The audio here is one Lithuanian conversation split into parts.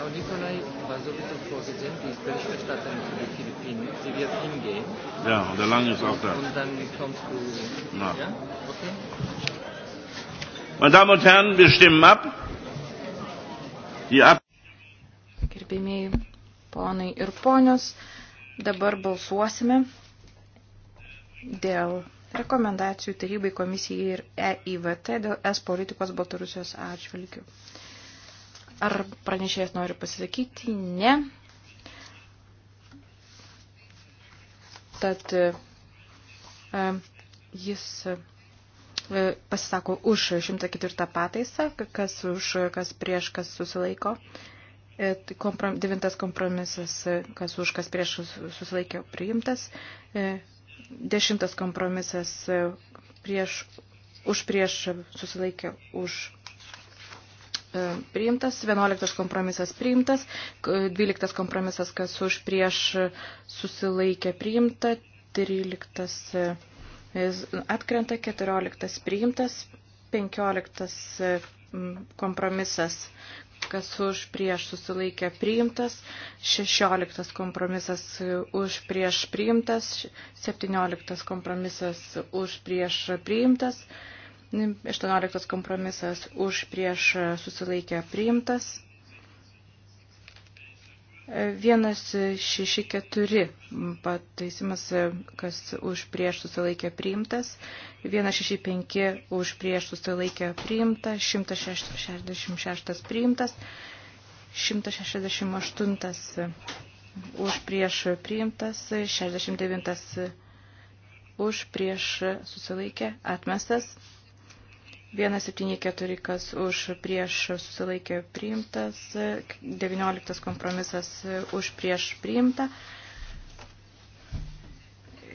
Frau Nicolai war sowieso vorgesehen, die ist Berichterstatterin für die Philippinen. Sie wird hingehen. Ja, und der Lange ist auch da. Und dann kommst du. Na. Ja? Okay. Meine Damen und Herren, wir stimmen ab. Die ab Gerbėmiai ponai ir ponios, dabar balsuosime dėl rekomendacijų tarybai komisijai ir EIVT dėl S politikos Baltarusijos atžvilgių. Ar pranešėjas nori pasisakyti? Ne. Tad e, jis e, pasisako už 104 pataisą, kas už, kas prieš, kas susilaiko. E, komprom, devintas kompromisas, kas už, kas prieš susilaikė priimtas. Dešimtas kompromisas prieš, už prieš susilaikė už E, priimtas, 11 kompromisas priimtas, 12 kompromisas, kas už prieš susilaikė priimta, 13 e, atkrenta, 14 priimtas, 15 e, kompromisas, kas už prieš susilaikė priimtas, 16 kompromisas už prieš priimtas, 17 kompromisas už prieš priimtas, 18 kompromisas už prieš susilaikę priimtas. 164 pataisimas, kas už prieš susilaikė priimtas, 165 už prieš susilaikė priimtas, 166 priimtas, 168 už prieš priimtas, 69 už prieš susilaikė atmestas. 174, kas už prieš susilaikė priimtas, 19 kompromisas už prieš priimta,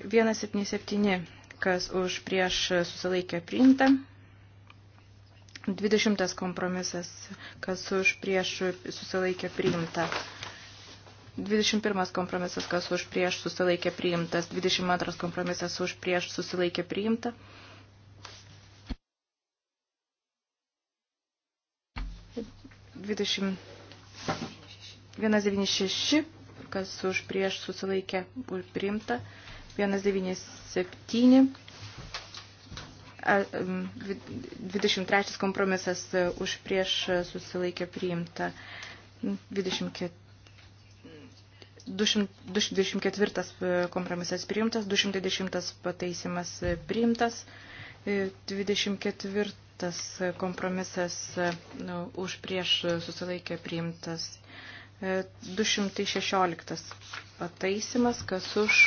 177, kas už prieš susilaikė priimta, 20 kompromisas, kas už prieš susilaikė priimta. 21 kompromisas, kas už prieš susilaikė priimtas, 22 kompromisas už prieš susilaikė priimta, 20, 196, kas už prieš susilaikė priimta, 197, 23 kompromisas e, už prieš susilaikė priimta, 24. 224 e, kompromisas priimtas, 210 pataisimas e, priimtas, 24 tas kompromisas e, nu, už prieš susilaikė priimtas. 216 e, pataisimas, kas už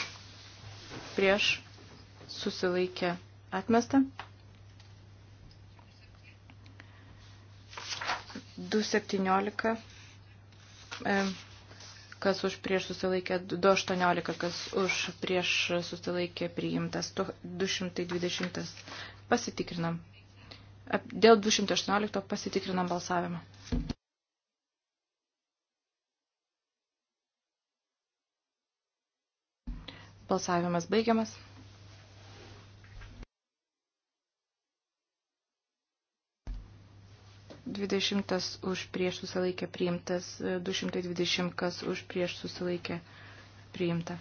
prieš susilaikė atmesta. 217 e, kas už prieš susilaikė, 218, kas už prieš susilaikė priimtas, 220. Pasitikrinam. Dėl 218 pasitikrinam balsavimą. Balsavimas baigiamas. Dvidešimtas už prieš susilaikė priimtas, 220 kas už prieš susilaikė priimta.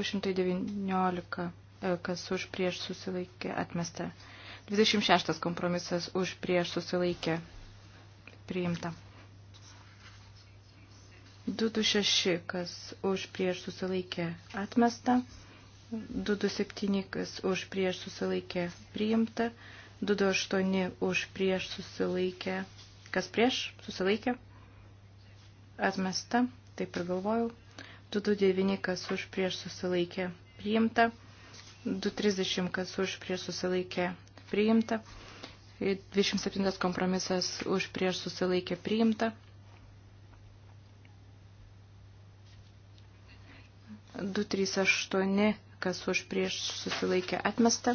219 E, kas už prieš susilaikė atmesta. 26 kompromisas už prieš susilaikė priimta. 226, kas už prieš susilaikė atmesta. 227, kas už prieš susilaikė priimta. 228 už prieš susilaikė. Kas prieš susilaikė? Atmesta, taip ir galvojau. 229, kas už prieš susilaikė priimta. 230 230, kas už prieš susilaikė priimta. 27 kompromisas už prieš susilaikė priimta. 238, kas už prieš susilaikė atmesta.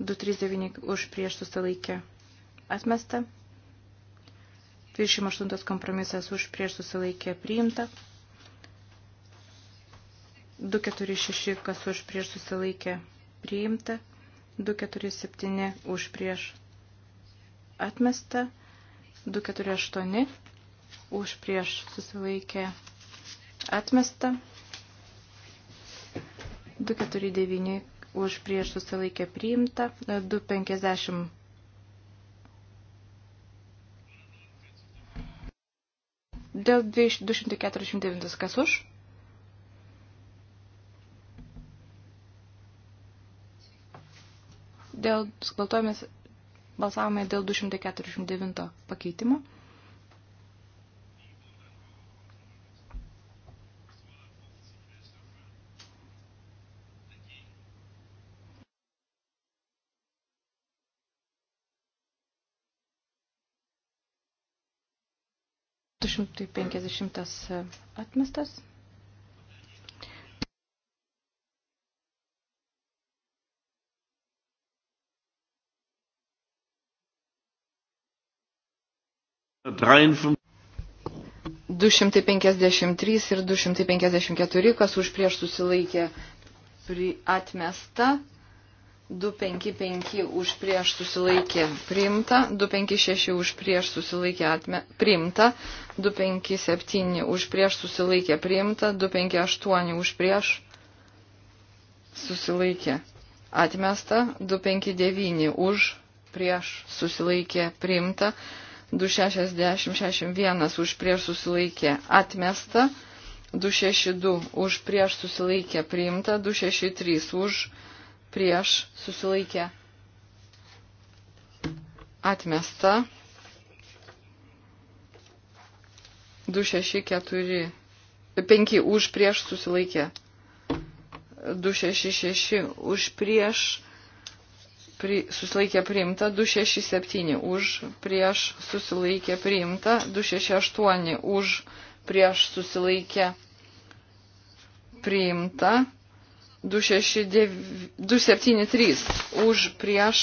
239 už prieš susilaikė atmesta. 28 kompromisas už prieš susilaikė priimta. 246, kas už prieš susilaikė priimta, 247 už prieš atmesta, 248 už prieš susilaikė atmesta, 249 už prieš susilaikė priimta, 250 dėl 249 kas už Dėl sklatojimės balsavome dėl 249 pakeitimo. Šimtai penkiasdešimtas atmestas. 253 ir 254, kas už prieš susilaikė atmesta, 255 už prieš susilaikė priimta, 256 už prieš susilaikė atme, priimta, 257 už prieš susilaikė priimta, 258 už prieš susilaikė atmesta, 259 už prieš susilaikė priimta, 258 260-61 už prieš susilaikė atmesta, 262 už prieš susilaikė priimta, 263 už prieš susilaikė atmesta, 264 5 už prieš susilaikė, 266 už prieš pri, susilaikė priimta 267 už, prieš susilaikė priimta 268 už, prieš susilaikė priimta 269, 273 už, prieš.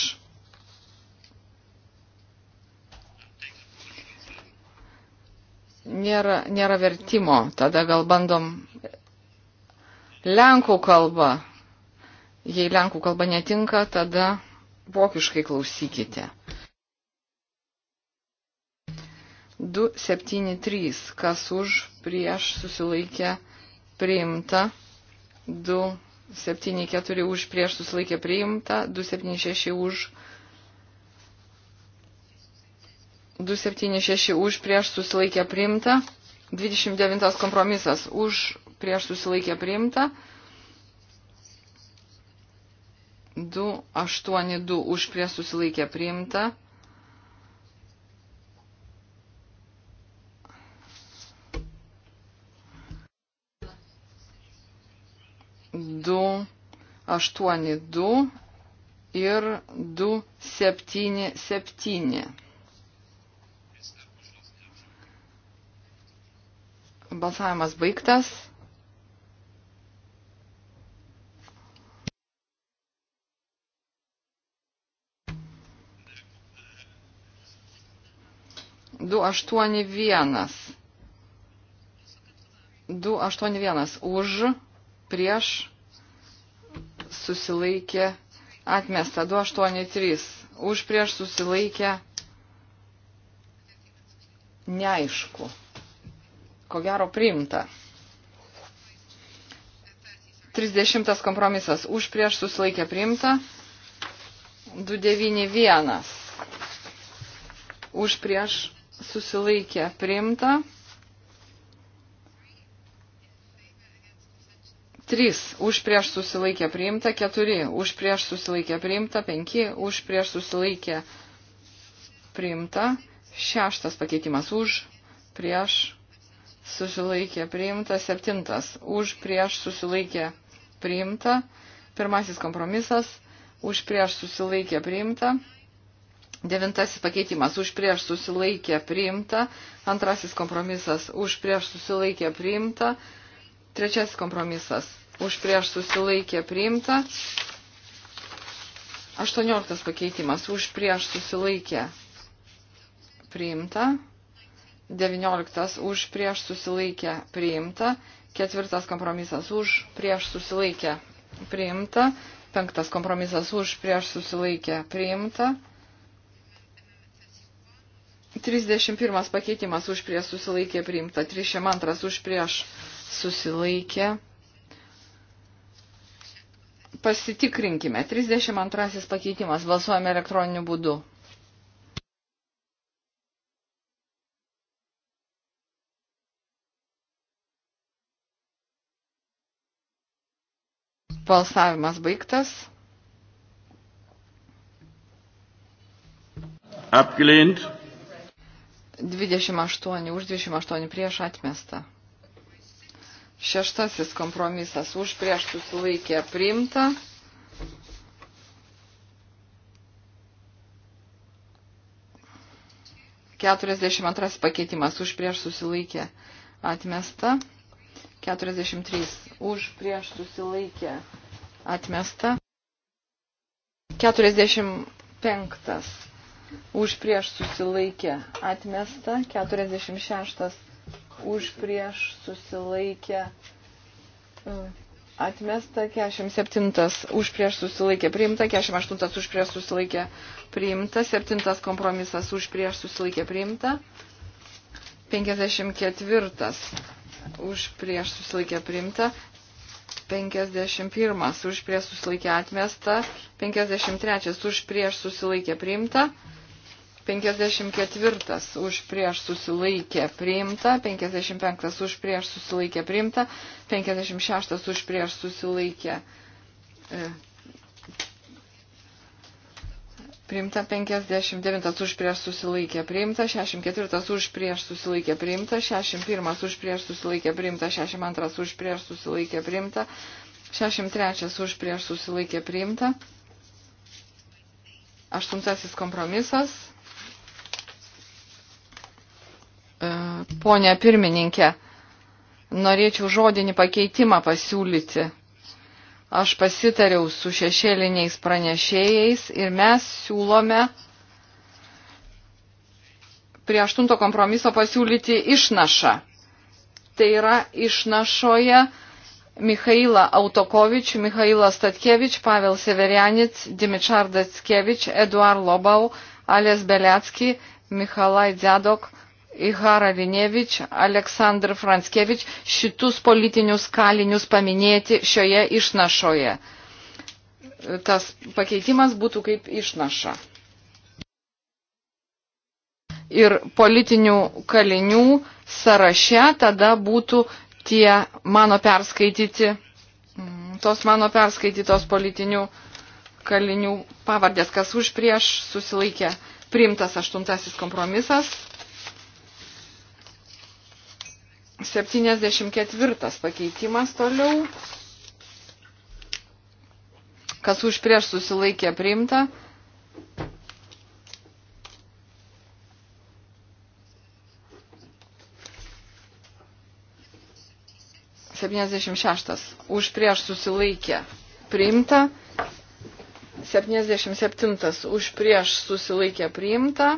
Nėra, nėra vertimo, tada gal bandom lenkų kalbą. Jei lenkų kalba netinka, tada vokiškai klausykite. 273, kas už, prieš, susilaikė, priimta. 274 už, prieš, susilaikė, priimta. 276 už. 276 už, prieš, susilaikė, priimta. 29 kompromisas už, prieš, susilaikė, priimta. 282 už prie susilaikę priimta. Du, aštuoni, du ir du, septyni, septyni. Balsavimas baigtas. 281. 281 už, prieš, susilaikė, atmesta 283, už, prieš, susilaikė, neaišku, ko gero priimta. 30 kompromisas, už, prieš, susilaikė, priimta, 291, už, prieš, susilaikė priimta. 3 už prieš susilaikė priimta, 4 už prieš susilaikė priimta, 5 už prieš susilaikė priimta, 6 pakeitimas už prieš susilaikė priimta, 7 už prieš susilaikė priimta, 1 kompromisas už prieš susilaikė priimta, Devintasis pakeitimas už prieš susilaikė priimta. Antrasis kompromisas už prieš susilaikė priimta. Trečiasis kompromisas už prieš susilaikė priimta. Aštuonioliktas pakeitimas už prieš susilaikė priimta. Devynioliktas už prieš susilaikė priimta. Ketvirtas kompromisas už prieš susilaikė priimta. Penktas kompromisas už prieš susilaikė priimta. 31 pakeitimas už prieš susilaikė priimta, 302 už prieš susilaikė. Pasitikrinkime. 32 pakeitimas. Balsuojame elektroniniu būdu. Balsavimas baigtas. Abgelehnt. 28 už 28 prieš atmestą. Šeštasis kompromisas už prieš susilaikė priimta. Keturiasdešimt antras pakeitimas už prieš susilaikė atmesta. Keturiasdešimt trys už prieš susilaikė atmesta. Keturiasdešimt penktas už prieš susilaikę atmesta, 46 už prieš susilaikę e, atmesta, 47 už prieš susilaikę priimta, 48 už prieš susilaikę priimta, 7 kompromisas už prieš susilaikę priimta, 54 už prieš susilaikę priimta, 51 už prieš susilaikę atmesta, 53 už prieš susilaikę priimta, 54 už prieš susilaikė priimta, 55 už prieš susilaikė priimta, 56 e, už prieš susilaikė priimta, 59 už prieš susilaikė priimta, 64 už prieš susilaikė priimta, 61 už prieš susilaikė priimta, 62 už prieš susilaikė priimta, 63 už prieš susilaikė priimta. Aštuntasis kompromisas ponė pirmininkė. Norėčiau žodinį pakeitimą pasiūlyti. Aš pasitariau su šešėliniais pranešėjais ir mes siūlome prie aštunto kompromiso pasiūlyti išnašą. Tai yra išnašoje Mikhailą Autokovič, Mikhailą Statkevič, Pavel Severianic, Dimičardas Kevič, Eduard Lobau, Alės Beliacki, Michalai Dzedok, Haralinevič, Aleksandr Franskevič šitus politinius kalinius paminėti šioje išnašoje. Tas pakeitimas būtų kaip išnaša. Ir politinių kalinių sąraše tada būtų tie mano perskaityti, mm, tos mano perskaitytos politinių kalinių pavardės, kas už prieš susilaikė priimtas aštuntasis kompromisas. 74 pakeitimas toliau. Kas už prieš susilaikė priimta. Septyniasdešimt šeštas. Už prieš susilaikė priimta. Septyniasdešimt septintas. Už prieš susilaikė priimta.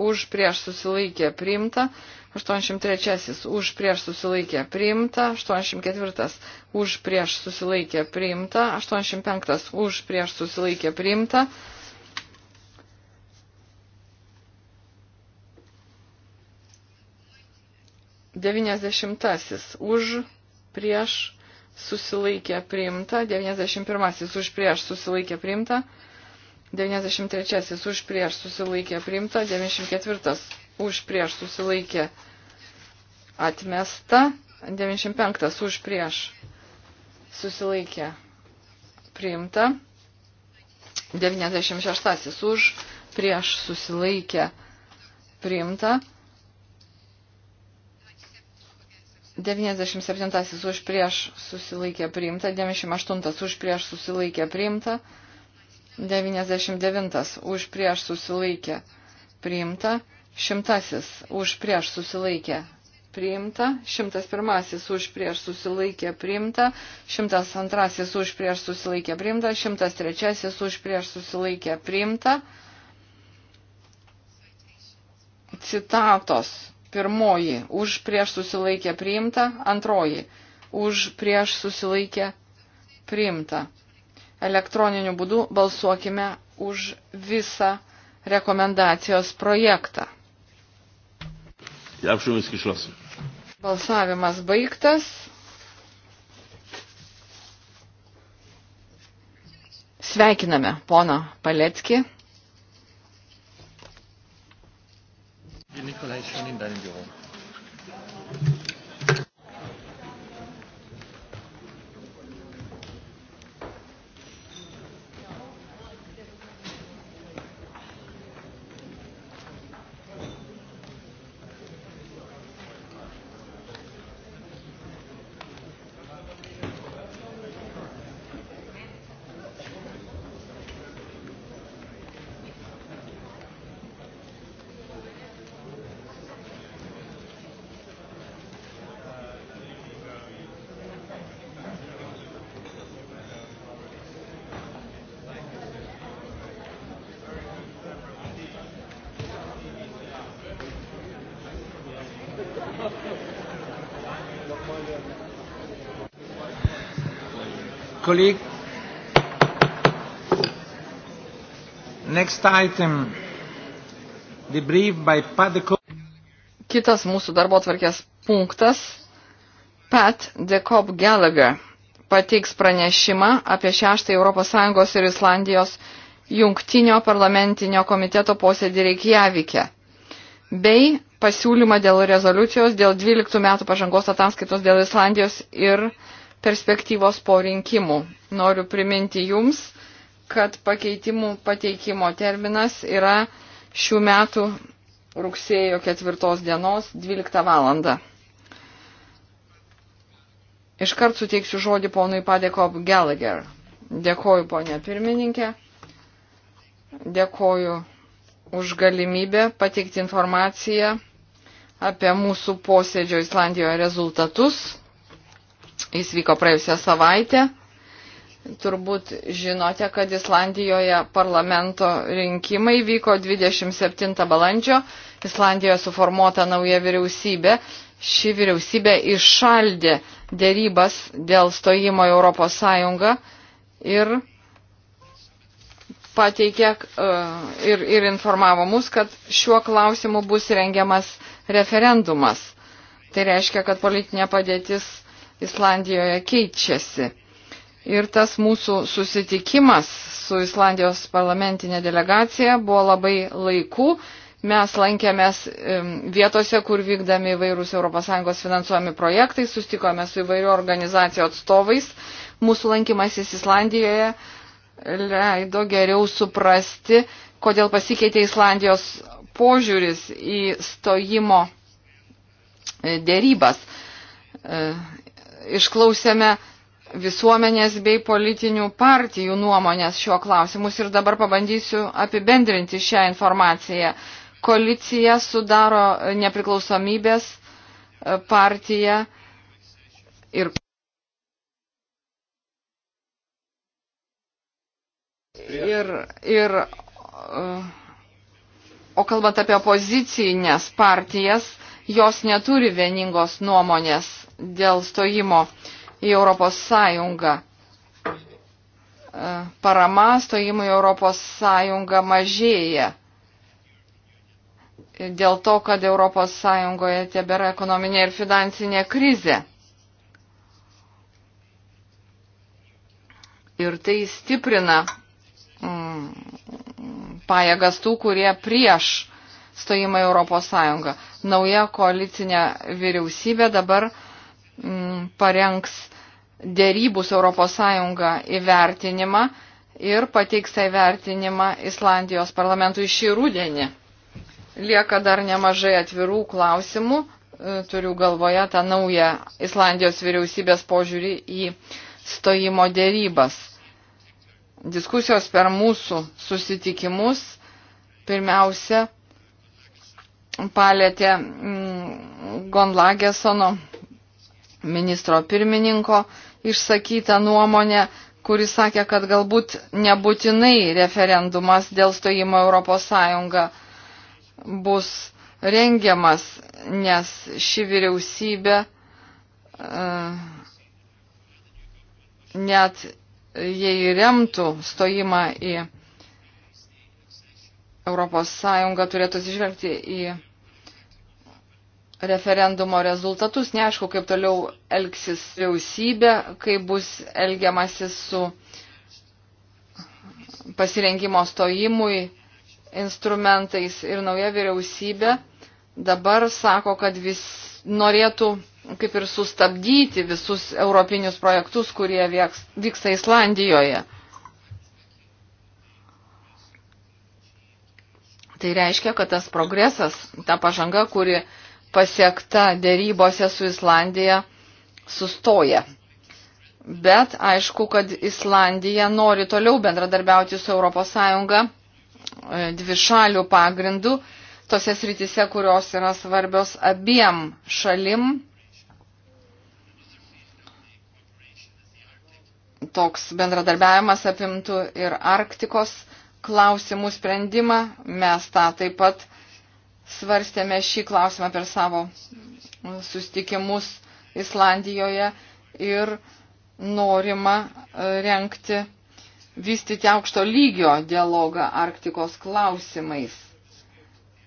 už prieš susilaikė priimta, 83 už prieš susilaikė priimta, 84 už prieš susilaikė priimta, 85 už prieš susilaikė priimta. Devyniasdešimtasis už prieš susilaikė priimta, devyniasdešimt pirmasis už prieš susilaikė priimta, 93 už prieš susilaikė priimta, 94 už prieš susilaikė atmesta, 95 už prieš susilaikė priimta, 96 už prieš susilaikė priimta, 97 už prieš susilaikė priimta, 98 už prieš susilaikė priimta. 99 už prieš susilaikė priimta, šimtasis už prieš susilaikė priimta, šimtas pirmasis už prieš susilaikė priimta, šimtas antrasis už prieš susilaikė priimta, šimtas trečiasis už prieš susilaikė priimta. Citatos. Pirmoji už prieš susilaikė priimta, antroji už prieš susilaikė priimta elektroniniu būdu balsuokime už visą rekomendacijos projektą. Balsavimas baigtas. Sveikiname pono Palecki. Nikolai Šonin dar in biuro. colleague. Next item. The brief by Pat de Kitas mūsų darbo tvarkės punktas. Pat de Cobb Gallagher pateiks pranešimą apie šeštąjį ES ir Islandijos jungtinio parlamentinio komiteto posėdį Reikjavike bei pasiūlymą dėl rezoliucijos dėl 12 metų pažangos ataskaitos dėl Islandijos ir Islandijos perspektyvos po rinkimų. Noriu priminti Jums, kad pakeitimų pateikimo terminas yra šių metų rugsėjo 4 dienos 12 valandą. Iškart suteiksiu žodį ponui Padekop Gallagher. Dėkoju, ponė pirmininkė. Dėkoju už galimybę pateikti informaciją apie mūsų posėdžio Islandijoje rezultatus. Jis vyko praėjusią savaitę. Turbūt žinote, kad Islandijoje parlamento rinkimai vyko 27 balandžio. Islandijoje suformuota nauja vyriausybė. Ši vyriausybė iššaldė dėrybas dėl stojimo į Europos Sąjungą ir pateikė e, ir, ir informavo mus, kad šiuo klausimu bus rengiamas referendumas. Tai reiškia, kad politinė padėtis Islandijoje keičiasi. Ir tas mūsų susitikimas su Islandijos parlamentinė delegacija buvo labai laiku. Mes lankėmės vietose, kur vykdami įvairūs ES finansuojami projektai, sustikome su įvairių organizacijų atstovais. Mūsų lankymasis Islandijoje leido geriau suprasti, kodėl pasikeitė Islandijos požiūris į stojimo e, dėrybas. E, išklausėme visuomenės bei politinių partijų nuomonės šiuo klausimus ir dabar pabandysiu apibendrinti šią informaciją. Koalicija sudaro nepriklausomybės e, partija ir. Ir, ir e, o kalbant apie opozicinės partijas, jos neturi vieningos nuomonės dėl stojimo į Europos Sąjungą. E, parama stojimui į Europos Sąjungą mažėja dėl to, kad Europos Sąjungoje tebėra ekonominė ir finansinė krizė. Ir tai stiprina mm, pajėgas tų, kurie prieš stojimą Europos Sąjungą. Nauja koalicinė vyriausybė dabar uh, Mm, parengs dėrybus ES įvertinimą ir pateiks tą įvertinimą Islandijos parlamentui šį rudenį. Lieka dar nemažai atvirų klausimų, e, turiu galvoje tą naują Islandijos vyriausybės požiūrį į stojimo dėrybas. Diskusijos per mūsų susitikimus pirmiausia palėtė mm, Gonlagesono ministro pirmininko išsakytą nuomonę, kuris sakė, kad galbūt nebūtinai referendumas dėl stojimo Europos Sąjunga bus rengiamas, nes ši vyriausybė uh, net jei remtų stojimą į Europos Sąjungą turėtų atsižvelgti į referendumo rezultatus. Neaišku, kaip toliau elgsis vyriausybė, kaip bus elgiamasi su pasirengimo stojimui instrumentais ir nauja vyriausybė dabar sako, kad vis norėtų kaip ir sustabdyti visus europinius projektus, kurie vyks, vyksta Islandijoje. Tai reiškia, kad tas progresas, ta pažanga, kuri pasiekta dėrybose su Islandija sustoja. Bet aišku, kad Islandija nori toliau bendradarbiauti su ES e, dvišalių pagrindų tose srityse, kurios yra svarbios abiem šalim. Toks bendradarbiavimas apimtų ir Arktikos klausimų sprendimą. Mes tą taip pat uh, svarstėme šį klausimą per savo sustikimus Islandijoje ir norima e, renkti, vystyti aukšto lygio dialogą Arktikos klausimais,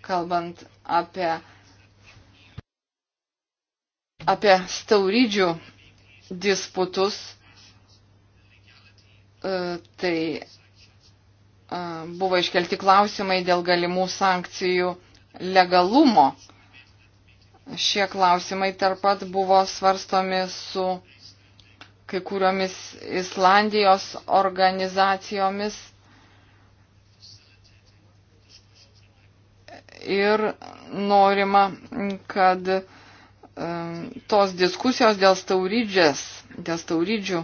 kalbant apie, apie staurydžių disputus, e, tai e, buvo iškelti klausimai dėl galimų sankcijų legalumo. Šie klausimai tarp pat buvo svarstomi su kai kuriomis Islandijos organizacijomis ir norima, kad tos diskusijos dėl staurydžės, dėl staurydžių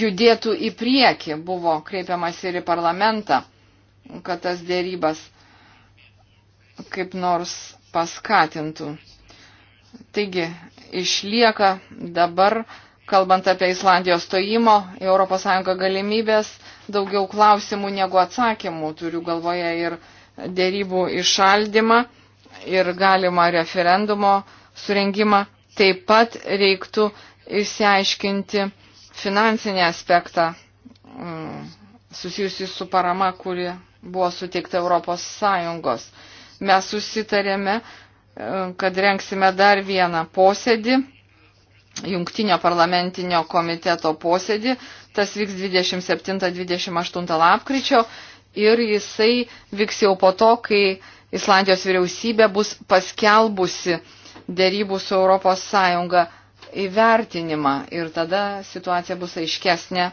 judėtų į priekį, buvo kreipiamas ir į parlamentą kad tas dėrybas kaip nors paskatintų. Taigi, išlieka dabar, kalbant apie Islandijos stojimo į ES galimybės, daugiau klausimų negu atsakymų. Turiu galvoje ir dėrybų išaldymą, ir galima referendumo surengimą. Taip pat reiktų išsiaiškinti finansinį aspektą mm, susijusi su parama, kuri buvo suteikta Europos Sąjungos. Mes susitarėme, e, kad renksime dar vieną posėdį, jungtinio parlamentinio komiteto posėdį. Tas vyks 27-28 lapkričio ir jisai vyks jau po to, kai Islandijos vyriausybė bus paskelbusi dėrybų su Europos Sąjunga įvertinimą ir tada situacija bus aiškesnė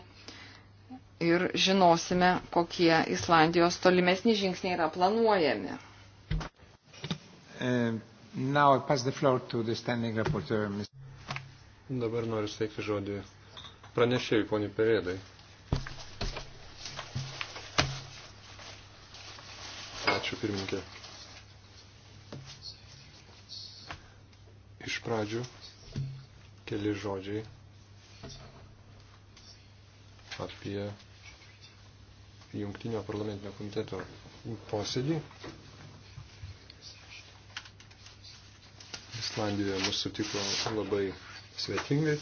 ir žinosime, kokie Islandijos tolimesni žingsniai yra planuojami. Dabar noriu steikti žodį pranešėjai, poniai Perėdai. Ačiū pirmininkė. Iš pradžių keli žodžiai apie jungtinio parlamentinio komiteto posėdį. Islandijoje mus sutiko labai svetingai.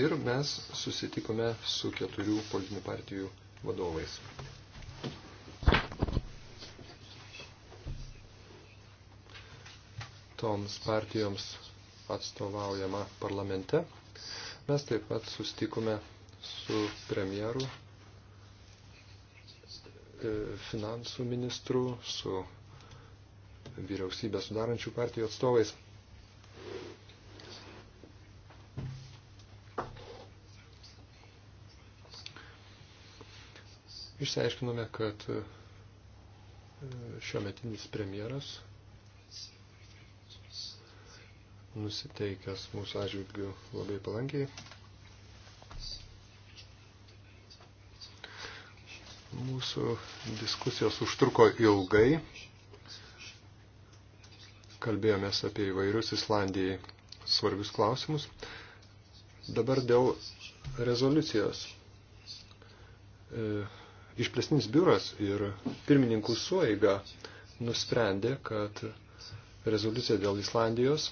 Ir mes susitikome su keturių politinių partijų vadovais. Toms partijoms atstovaujama parlamente. Mes taip pat sustikome su premjeru, e, finansų ministru, su vyriausybę sudarančių partijų atstovais. Išsiaiškinome, kad e, šiuometinis premjeras nusiteikęs mūsų atžvilgių labai palankiai Mūsų diskusijos užtruko ilgai. Kalbėjomės apie įvairius Islandijai svarbius klausimus. Dabar dėl rezoliucijos. E, Išplėsnis biuras ir pirmininkų sueiga nusprendė, kad rezoliucija dėl Islandijos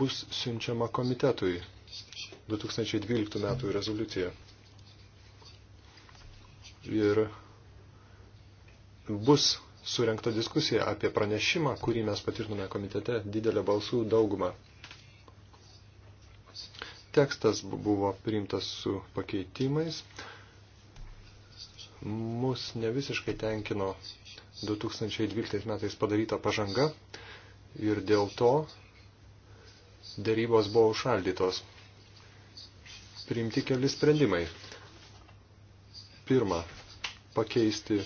bus siunčiama komitetui 2012 metų rezoliucija ir bus surenkta diskusija apie pranešimą, kurį mes patvirtinome komitete didelę balsų daugumą. Tekstas buvo priimtas su pakeitimais. Mus ne visiškai tenkino 2012 metais padaryta pažanga ir dėl to dėrybos buvo užšaldytos. Priimti keli sprendimai. Pirma, pakeisti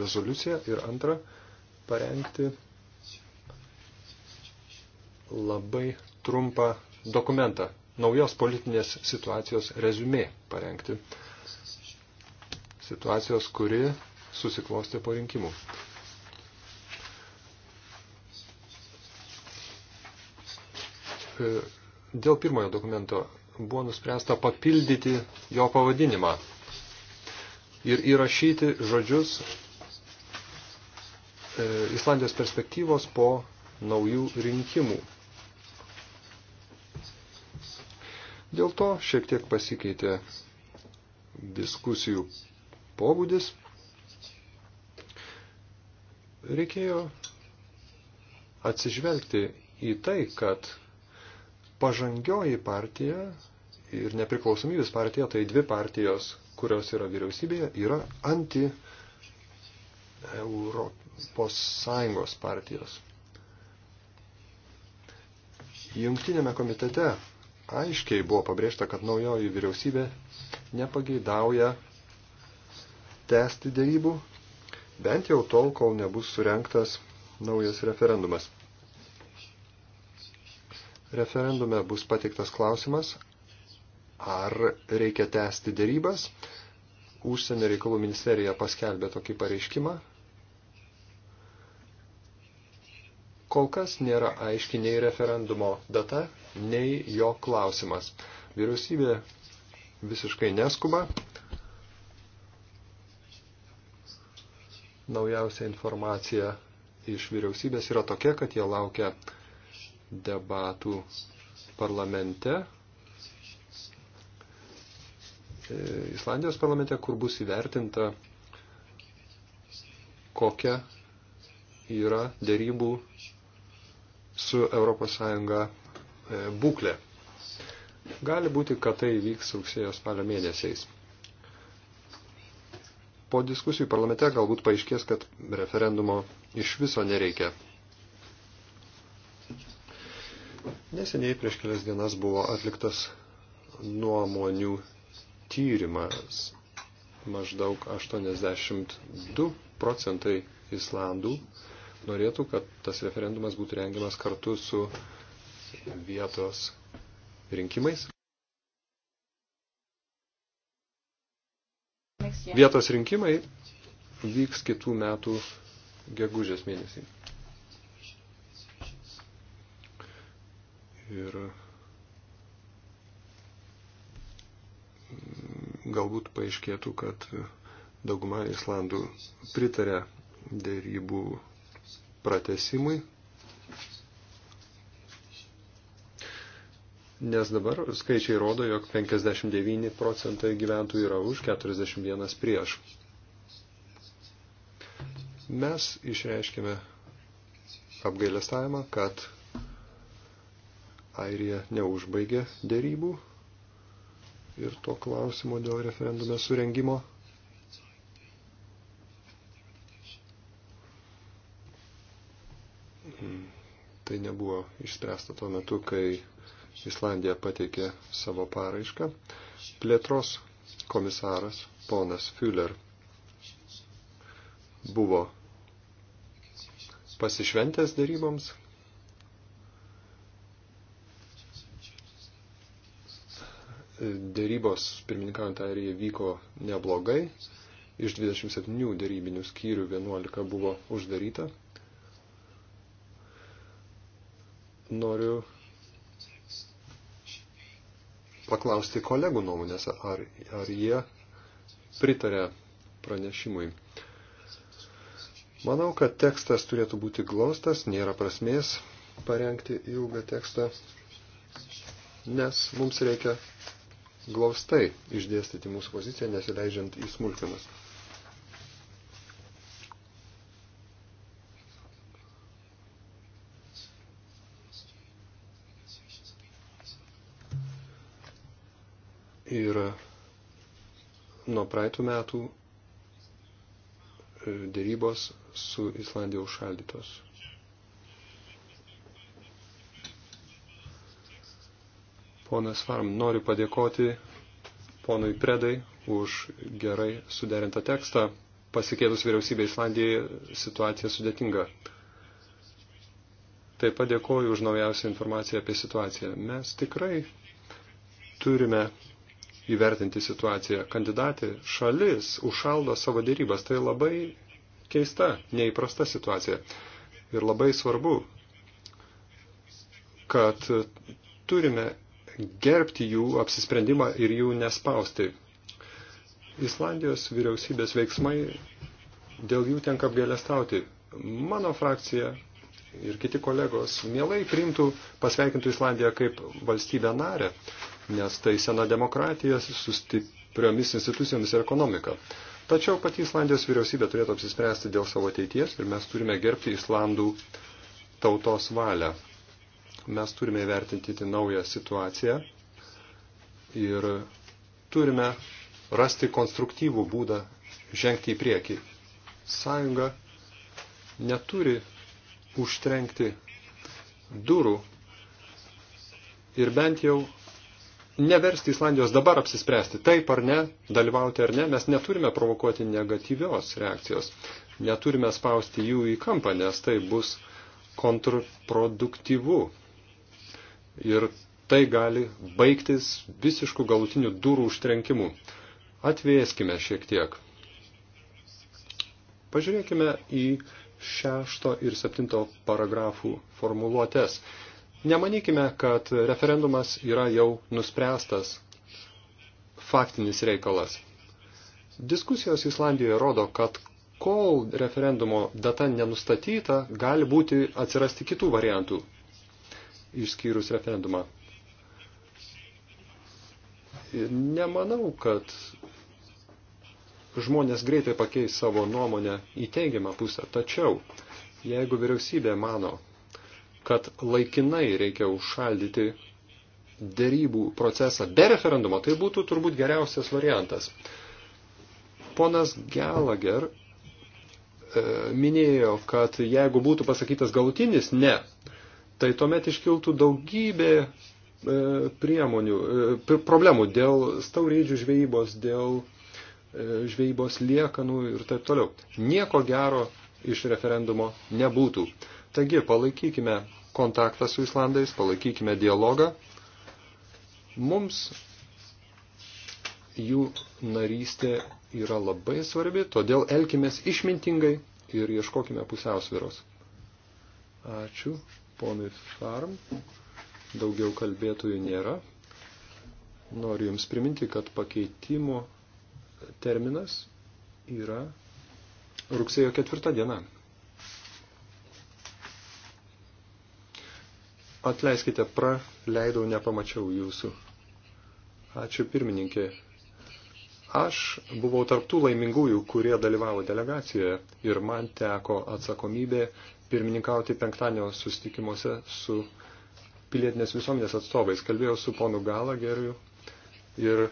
rezoliuciją ir antra, parengti labai trumpą dokumentą, naujos politinės situacijos rezumė parengti. Situacijos, kuri susiklostė po rinkimų. Dėl pirmojo dokumento buvo nuspręsta papildyti jo pavadinimą ir įrašyti žodžius e, Islandijos perspektyvos po naujų rinkimų. Dėl to šiek tiek pasikeitė diskusijų pobūdis. Reikėjo atsižvelgti į tai, kad pažangioji partija ir nepriklausomybės partija, tai dvi partijos, kurios yra vyriausybėje, yra anti Europos Sąjungos partijos. Jungtinėme komitete aiškiai buvo pabrėžta, kad naujoji vyriausybė nepageidauja tęsti dėrybų, bent jau tol, kol nebus surenktas naujas referendumas. Referendume bus pateiktas klausimas, Ar reikia tęsti dėrybas? Užsienio reikalų ministerija paskelbė tokį pareiškimą. Kol kas nėra aiški nei referendumo data, nei jo klausimas. Vyriausybė visiškai neskuba. Naujausia informacija iš vyriausybės yra tokia, kad jie laukia debatų parlamente E, Islandijos parlamente, kur bus įvertinta, kokia yra dėrybų su ES e, būklė. Gali būti, kad tai vyks rugsėjo spalio mėnesiais. Po diskusijų parlamente galbūt paaiškės, kad referendumo iš viso nereikia. Neseniai prieš kelias dienas buvo atliktas nuomonių tyrimas. Maždaug 82 procentai Islandų norėtų, kad tas referendumas būtų rengiamas kartu su vietos rinkimais. Vietos rinkimai vyks kitų metų gegužės mėnesį. Ir galbūt paaiškėtų, kad dauguma Islandų pritarė dėrybų pratesimui. Nes dabar skaičiai rodo, jog 59 procentai gyventojų yra už, 41 prieš. Mes išreiškėme apgailestavimą, kad Airija neužbaigė dėrybų ir to klausimo dėl referendume surengimo. Tai nebuvo išspręsta tuo metu, kai Islandija pateikė savo paraišką. Plėtros komisaras ponas Füller buvo pasišventęs daryboms, Dėrybos pirmininkaujant airija vyko neblogai. Iš 27 dėrybinių skyrių 11 buvo uždaryta. Noriu paklausti kolegų nuomonės, ar, ar jie pritarė pranešimui. Manau, kad tekstas turėtų būti glaustas, nėra prasmės parengti ilgą tekstą, nes mums reikia glaustai išdėstyti mūsų poziciją, nesileidžiant į smulkinas. Ir nuo praeitų metų e, dėrybos su Islandija užšaldytos. Ponas Farm, noriu padėkoti ponui Predai už gerai suderintą tekstą. Pasikėtus vyriausybė Islandijai situacija sudėtinga. Taip pat dėkoju už naujausią informaciją apie situaciją. Mes tikrai turime įvertinti situaciją. Kandidatė šalis užšaldo savo dėrybas. Tai labai keista, neįprasta situacija. Ir labai svarbu, kad turime gerbti jų apsisprendimą ir jų nespausti. Islandijos vyriausybės veiksmai dėl jų tenka apgailestauti. Mano frakcija ir kiti kolegos mielai priimtų, pasveikintų Islandiją kaip valstybę narę, nes tai sena demokratija su stipriomis institucijomis ir ekonomika. Tačiau pati Islandijos vyriausybė turėtų apsispręsti dėl savo ateities ir mes turime gerbti Islandų tautos valią. Mes turime įvertinti naują situaciją ir turime rasti konstruktyvų būdą žengti į priekį. Sąjunga neturi užtrenkti durų ir bent jau neversti Islandijos dabar apsispręsti, taip ar ne, dalyvauti ar ne, mes neturime provokuoti negatyvios reakcijos, neturime spausti jų į kampą, nes tai bus kontrproduktyvu ir tai gali baigtis visiškų galutinių durų užtrenkimu. Atvieskime šiek tiek. Pažiūrėkime į šešto ir septinto paragrafų formuluotės. Nemanykime, kad referendumas yra jau nuspręstas faktinis reikalas. Diskusijos Islandijoje rodo, kad kol referendumo data nenustatyta, gali būti atsirasti kitų variantų išskyrus referendumą. Nemanau, kad žmonės greitai pakeis savo nuomonę į teigiamą pusę. Tačiau, jeigu vyriausybė mano, kad laikinai reikia užšaldyti dėrybų procesą be referendumo, tai būtų turbūt geriausias variantas. Ponas Gallagher e, minėjo, kad jeigu būtų pasakytas galutinis ne, tai tuomet iškiltų daugybė e, priemonių, e, problemų dėl staurydžių žvejybos, dėl e, žvejybos liekanų ir taip toliau. Nieko gero iš referendumo nebūtų. Taigi palaikykime kontaktą su Islandais, palaikykime dialogą. Mums jų narystė yra labai svarbi, todėl elkimės išmintingai ir ieškokime pusiausviros. Ačiū ponui Farm. Daugiau kalbėtojų nėra. Noriu Jums priminti, kad pakeitimo terminas yra rugsėjo ketvirta diena. Atleiskite, praleidau, nepamačiau jūsų. Ačiū pirmininkė. Aš buvau tarptų laimingųjų, kurie dalyvavo delegacijoje ir man teko atsakomybė pirmininkauti penktadienio sustikimuose su pilietinės visuomenės atstovais. Kalbėjau su ponu Galageriu ir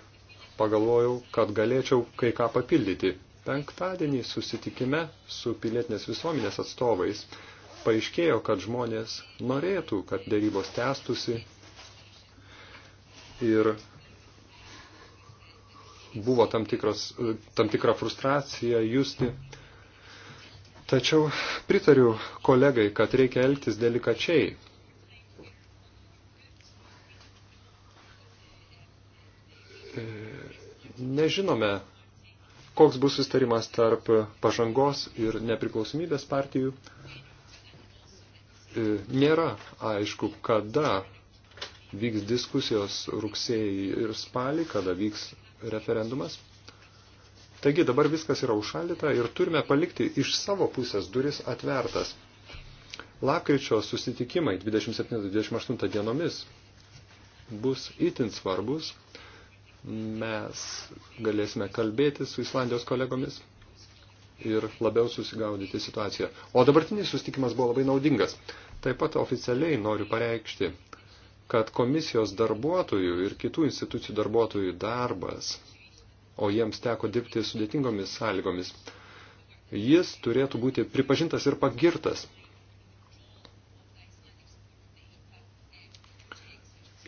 pagalvojau, kad galėčiau kai ką papildyti. Penktadienį susitikime su pilietinės visuomenės atstovais paaiškėjo, kad žmonės norėtų, kad dėrybos tęstusi ir buvo tam, tikras, tam tikra frustracija justi. Mm Tačiau pritariu kolegai, kad reikia elgtis delikačiai. E, nežinome, koks bus sustarimas tarp pažangos ir nepriklausomybės partijų. E, nėra aišku, kada vyks diskusijos rugsėjai ir spalį, kada vyks referendumas. Taigi dabar viskas yra užšaldyta ir turime palikti iš savo pusės duris atvertas. Lakryčio susitikimai 27-28 dienomis bus itin svarbus. Mes galėsime kalbėti su Islandijos kolegomis ir labiau susigaudyti situaciją. O dabartinis susitikimas buvo labai naudingas. Taip pat oficialiai noriu pareikšti, kad komisijos darbuotojų ir kitų institucijų darbuotojų darbas o jiems teko dirbti sudėtingomis sąlygomis. Jis turėtų būti pripažintas ir pagirtas.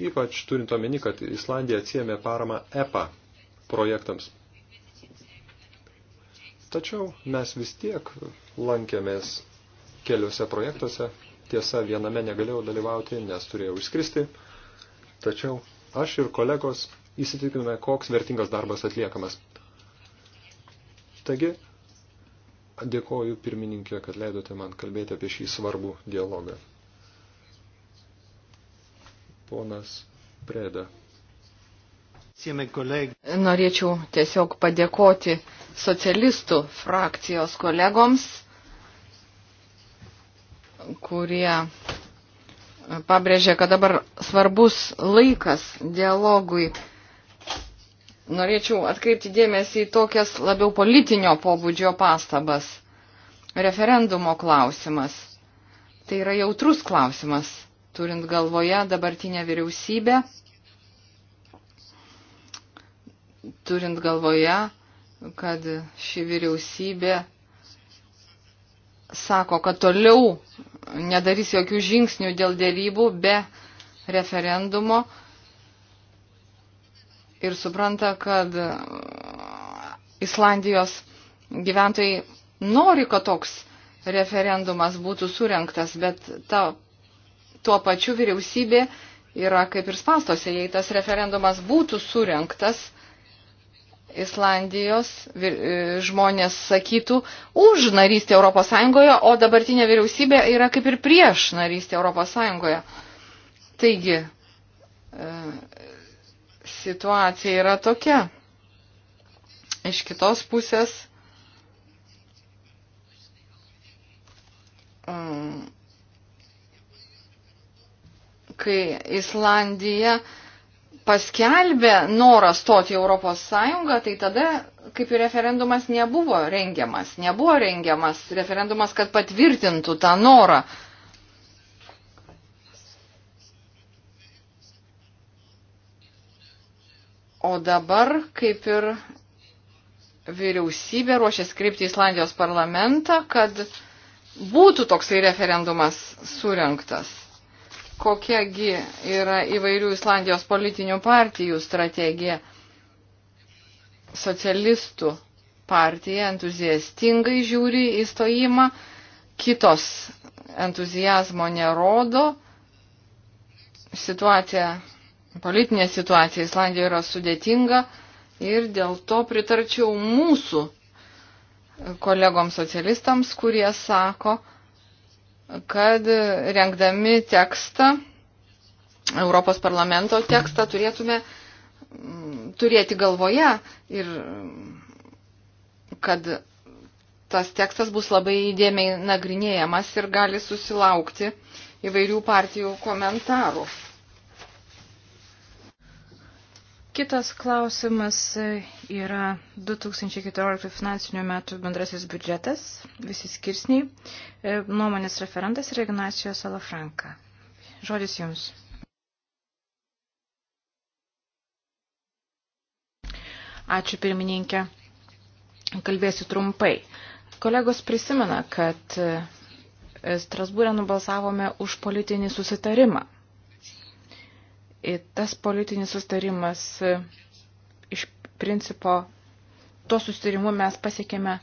Ypač turint omeny, kad Islandija atsiemė paramą EPA projektams. Tačiau mes vis tiek lankėmės keliuose projektuose. Tiesa, viename negalėjau dalyvauti, nes turėjau išskristi. Tačiau aš ir kolegos įsitikinome, koks vertingas darbas atliekamas. Taigi, dėkoju pirmininkė, kad leidote man kalbėti apie šį svarbų dialogą. Ponas Preda. Norėčiau tiesiog padėkoti socialistų frakcijos kolegoms, kurie pabrėžė, kad dabar svarbus laikas dialogui Norėčiau atkreipti dėmesį į tokias labiau politinio pobūdžio pastabas. Referendumo klausimas. Tai yra jautrus klausimas, turint galvoje dabartinę vyriausybę, turint galvoje, kad ši vyriausybė sako, kad toliau nedarys jokių žingsnių dėl dėrybų be referendumo ir supranta, kad Islandijos gyventojai nori, kad toks referendumas būtų surinktas, bet ta, tuo pačiu vyriausybė yra kaip ir spastose. Jei tas referendumas būtų surinktas, Islandijos e, žmonės sakytų už narystę Europos Sąjungoje, o dabartinė vyriausybė yra kaip ir prieš narystę Europos Sąjungoje. Taigi, e, situacija yra tokia. Iš kitos pusės mm, kai Islandija paskelbė norą stoti į Europos Sąjungą, tai tada kaip ir referendumas nebuvo rengiamas. Nebuvo rengiamas referendumas, kad patvirtintų tą norą O dabar, kaip ir vyriausybė ruošiasi kreipti į Islandijos parlamentą, kad būtų toksai referendumas surinktas. Kokiagi yra įvairių Islandijos politinių partijų strategija? Socialistų partija entuziastingai žiūri į stojimą, kitos entuzijazmo nerodo. Situacija politinė situacija Islandijoje yra sudėtinga ir dėl to pritarčiau mūsų kolegom socialistams, kurie sako, kad rengdami tekstą, Europos parlamento tekstą turėtume mm, turėti galvoje ir mm, kad tas tekstas bus labai įdėmiai nagrinėjamas ir gali susilaukti įvairių partijų komentarų. Kitas klausimas yra 2014 finansinių metų bendrasis biudžetas, visi skirsniai. E, nuomonės referentas yra Ignacio Salafranka. Žodis jums. Ačiū pirmininkė. Kalbėsiu trumpai. Kolegos prisimena, kad e, Strasbūrė nubalsavome už politinį susitarimą tas politinis sustarimas e, iš principo, tuo sustarimu mes pasiekėme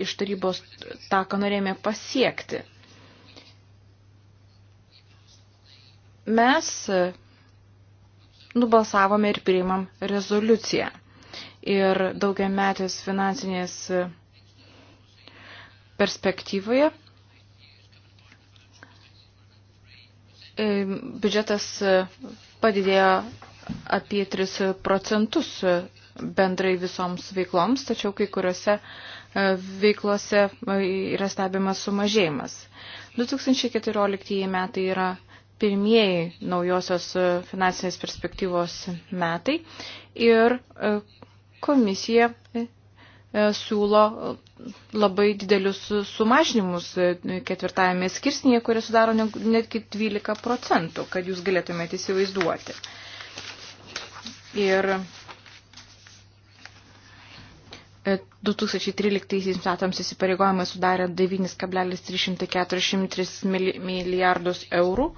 iš tarybos tą, ką norėjome pasiekti. Mes e, nubalsavome ir priimam rezoliuciją. Ir daugiametės finansinės e, perspektyvoje E, biudžetas e, padidėjo apie 3 procentus bendrai visoms veikloms, tačiau kai kuriuose e, veiklose yra stebimas sumažėjimas. 2014 metai yra pirmieji naujosios finansinės perspektyvos metai ir komisija E, siūlo e, labai didelius sumažinimus e, ketvirtajame skirsnyje, kurie sudaro netgi 12 procentų, kad jūs galėtumėte įsivaizduoti. Ir 2013 metams įsipareigojimai sudarė 9,343 milijardus eurų,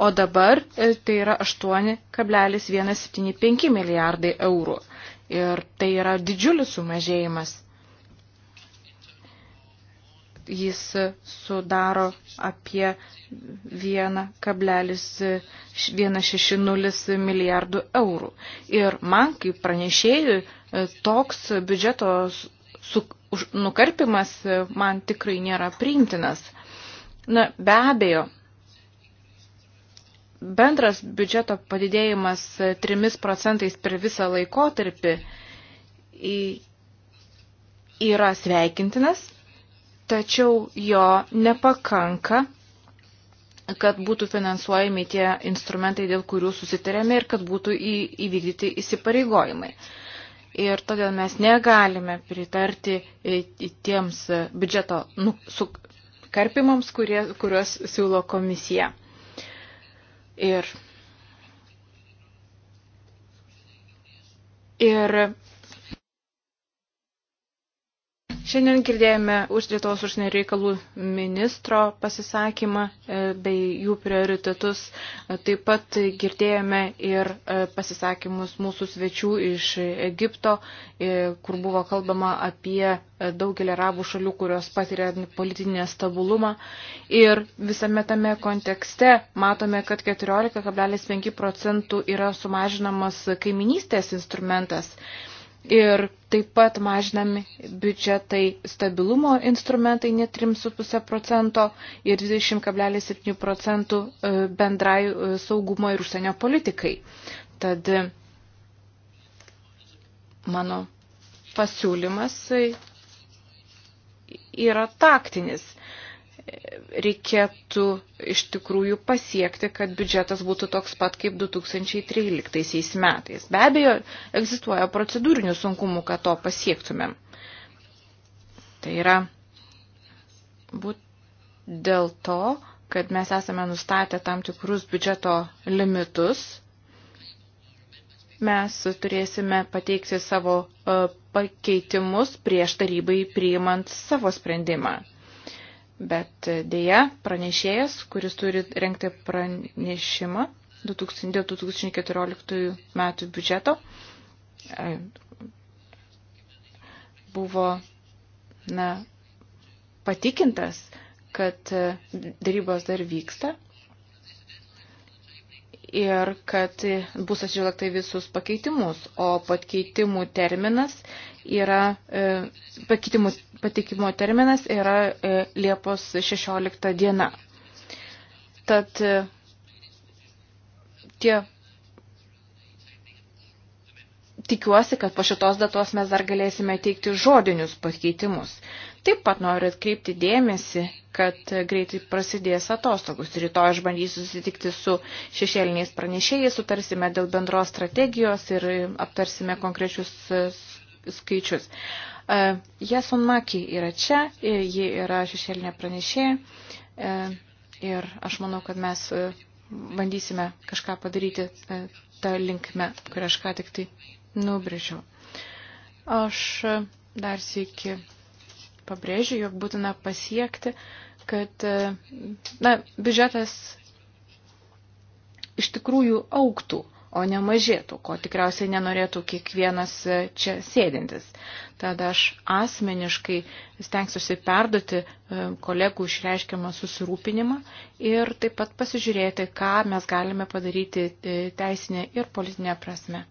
o dabar tai yra 8,175 milijardai eurų ir tai yra didžiulis sumažėjimas. Jis sudaro apie 1,160 milijardų eurų. Ir man, kaip pranešėjui, toks biudžeto su, už, nukarpimas man tikrai nėra priimtinas. Na, be abejo, bendras biudžeto padidėjimas 3 procentais per visą laikotarpį yra sveikintinas, tačiau jo nepakanka, kad būtų finansuojami tie instrumentai, dėl kurių susitarėme ir kad būtų įvykdyti įsipareigojimai. Ir todėl mes negalime pritarti e, tiems biudžeto nu, sukarpimams, kurie, kuriuos siūlo komisija. Ir, ir Šiandien girdėjome už Lietuvos užsienio reikalų ministro pasisakymą e, bei jų prioritetus. E, taip pat girdėjome ir e, pasisakymus mūsų svečių iš Egipto, kur buvo kalbama apie daugelį arabų šalių, kurios patiria politinį stabilumą. Ir visame tame kontekste matome, kad 14,5 procentų yra sumažinamas kaiminystės instrumentas ir taip pat mažinami biudžetai stabilumo instrumentai net 3,5 procento ir 20,7 procentų e, bendrai e, saugumo ir užsienio politikai. Tad mano pasiūlymas e, yra taktinis reikėtų iš tikrųjų pasiekti, kad biudžetas būtų toks pat kaip 2013 metais. Be abejo, egzistuoja procedūrinių sunkumų, kad to pasiektumėm. Tai yra būt dėl to, kad mes esame nustatę tam tikrus biudžeto limitus. Mes turėsime pateikti savo e, pakeitimus prieš tarybai priimant savo sprendimą. Bet dėja, pranešėjas, kuris turi renkti pranešimą 2000, dėl 2014 metų biudžeto, buvo na, patikintas, kad darybos dar vyksta ir kad bus atsižvelgta į visus pakeitimus, o pakeitimų terminas yra, e, pakeitimų patikimo terminas yra e, Liepos 16 diena. Tad e, tie tikiuosi, kad po šitos datos mes dar galėsime teikti žodinius pakeitimus. Taip pat noriu atkreipti dėmesį, kad greitai prasidės atostogus. Rytoj aš bandysiu susitikti su šešėliniais pranešėjais, sutarsime dėl bendros strategijos ir aptarsime konkrečius skaičius. E, Jason Maki yra čia, e, ji yra šešėlinė pranešėja e, ir aš manau, kad mes bandysime kažką padaryti tą linkme, kurią aš ką tik tai nubrėžiau. Aš dar sėki pabrėžiu, jog būtina pasiekti, kad e, na, biudžetas iš tikrųjų auktų, o ne mažėtų, ko tikriausiai nenorėtų kiekvienas e, čia sėdintis. Tada aš asmeniškai stengsiuosi perduoti e, kolegų išreiškiamą susirūpinimą ir taip pat pasižiūrėti, ką mes galime padaryti teisinė ir politinė prasme.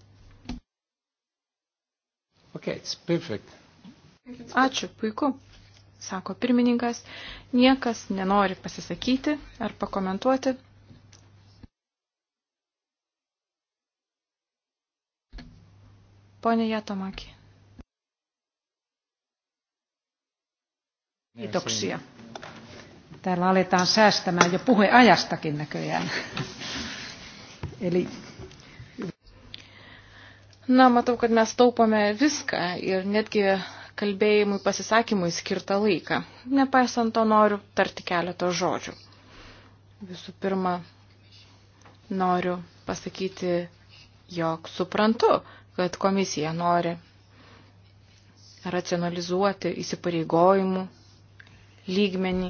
Okay, it's perfect. Ačiū, puiku sako pirmininkas, niekas nenori pasisakyti ar pakomentuoti. Pone Jatomaki. Kiitoksia. Täällä aletaan säästämään jo puheajastakin näköjään. Eli... Na, matau, kad mes taupome viską ir netgi kalbėjimui, pasisakymui skirtą laiką. Nepaisant to noriu tarti keletą žodžių. Visų pirma, noriu pasakyti, jog suprantu, kad komisija nori racionalizuoti įsipareigojimų lygmenį,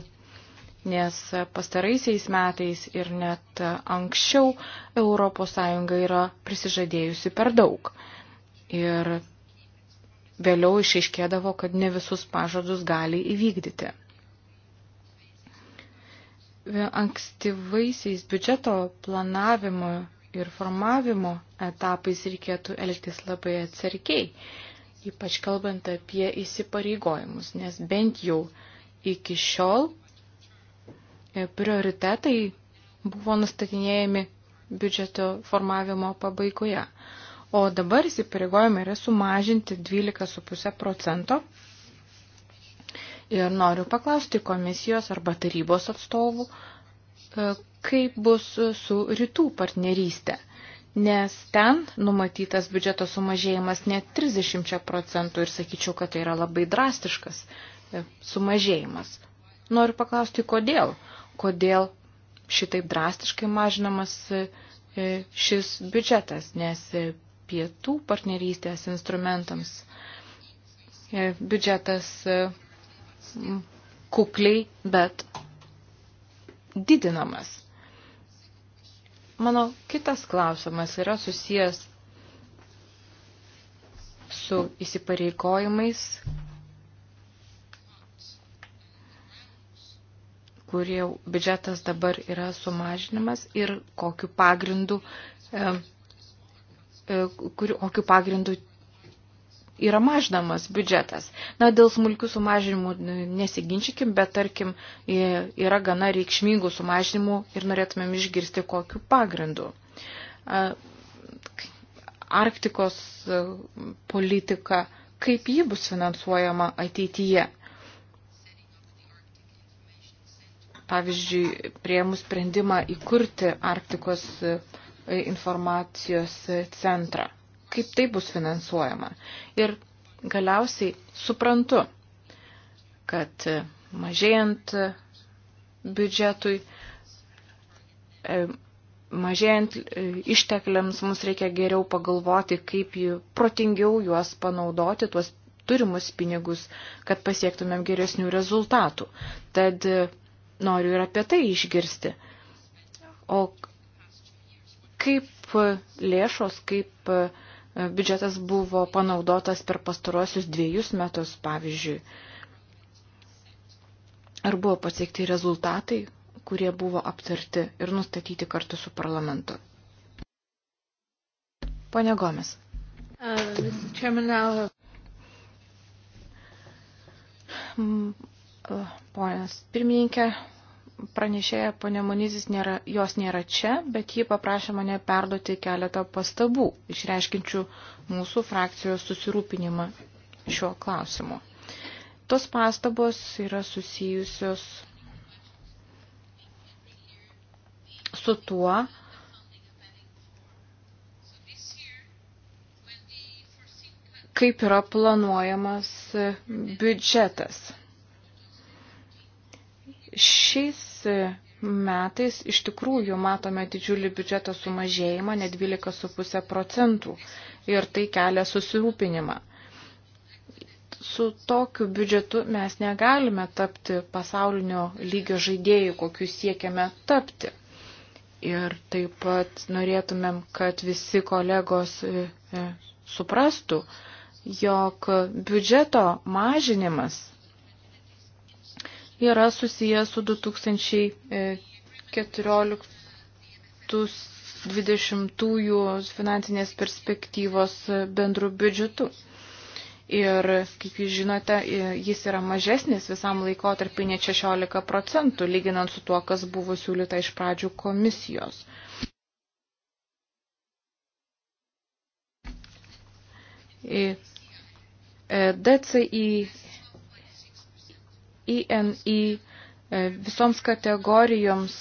nes pastaraisiais metais ir net anksčiau ES yra prisižadėjusi per daug. Ir vėliau išaiškėdavo, kad ne visus pažadus gali įvykdyti. Ankstyvaisiais biudžeto planavimo ir formavimo etapais reikėtų elgtis labai atsargiai, ypač kalbant apie įsipareigojimus, nes bent jau iki šiol e, prioritetai buvo nustatinėjami biudžeto formavimo pabaigoje o dabar įsipareigojimai yra sumažinti 12,5 procento. Ir noriu paklausti komisijos arba tarybos atstovų, e, kaip bus su rytų partnerystė, nes ten numatytas biudžeto sumažėjimas net 30 procentų ir sakyčiau, kad tai yra labai drastiškas e, sumažėjimas. Noriu paklausti, kodėl? Kodėl šitaip drastiškai mažinamas e, šis biudžetas, nes pietų partnerystės instrumentams. E, biudžetas e, kukliai, bet didinamas. Mano kitas klausimas yra susijęs su įsipareikojimais, kurie biudžetas dabar yra sumažinimas ir kokiu pagrindu e, E, kur, kokiu pagrindu yra mažinamas biudžetas. Na, dėl smulkių sumažinimų nesiginčykim, bet tarkim, yra gana reikšmingų sumažinimų ir norėtumėm išgirsti, kokiu pagrindu. Arktikos e, politika, kaip ji bus finansuojama ateityje. Pavyzdžiui, prieimus sprendimą įkurti Arktikos politiką e, informacijos centrą. Kaip tai bus finansuojama. Ir galiausiai suprantu, kad mažėjant biudžetui, e, mažėjant e, ištekliams mums reikia geriau pagalvoti, kaip jų protingiau juos panaudoti, tuos turimus pinigus, kad pasiektumėm geresnių rezultatų. Tad e, noriu ir apie tai išgirsti. O kaip lėšos, kaip e, biudžetas buvo panaudotas per pastaruosius dviejus metus, pavyzdžiui. Ar buvo pasiekti rezultatai, kurie buvo aptarti ir nustatyti kartu su parlamentu. Pone Gomes. Uh, uh, mm, uh, ponas pirmininkė, pranešėja ponė Monizis nėra, jos nėra čia, bet ji paprašė mane perduoti keletą pastabų, išreiškinčių mūsų frakcijos susirūpinimą šiuo klausimu. Tos pastabos yra susijusios su tuo, kaip yra planuojamas biudžetas. Šiais metais iš tikrųjų matome didžiulį biudžeto sumažėjimą, ne 12,5 procentų. Ir tai kelia susirūpinimą. Su tokiu biudžetu mes negalime tapti pasaulinio lygio žaidėjų, kokiu siekiame tapti. Ir taip pat norėtumėm, kad visi kolegos e, e, suprastų, jog biudžeto mažinimas yra susijęs su 2014-2020 finansinės perspektyvos e, bendru biudžetu. Ir, kaip jūs žinote, e, jis yra mažesnis visam laikotarpiu ne 16 procentų, lyginant su tuo, kas buvo siūlyta iš pradžių komisijos. E, DCI INI e e, e, visoms kategorijoms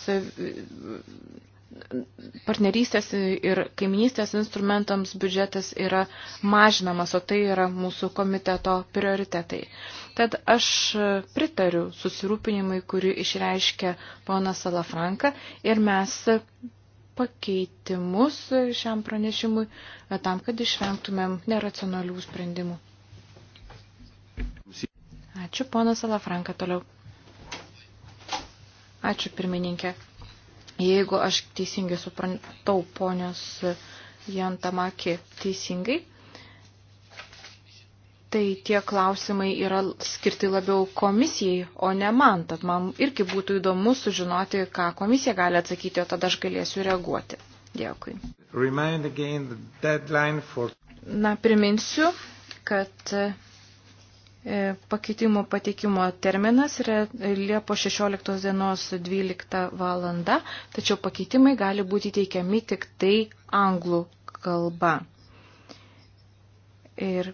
partnerystės ir kaiminystės instrumentams biudžetas yra mažinamas, o tai yra mūsų komiteto prioritetai. Tad aš pritariu susirūpinimui, kurį išreiškia pona Salafranka ir mes pakeitimus šiam pranešimui tam, kad išvengtumėm neracionalių sprendimų. Ačiū, ponas Alafranka, toliau. Ačiū, pirmininkė. Jeigu aš teisingai suprantau ponios Jantamaki teisingai, tai tie klausimai yra skirti labiau komisijai, o ne man. Tad man irgi būtų įdomu sužinoti, ką komisija gali atsakyti, o tada aš galėsiu reaguoti. Dėkui. Na, priminsiu, kad E, pakeitimo pateikimo terminas yra Liepo 16 dienos 12 valanda, tačiau pakeitimai gali būti teikiami tik tai anglų kalba. Ir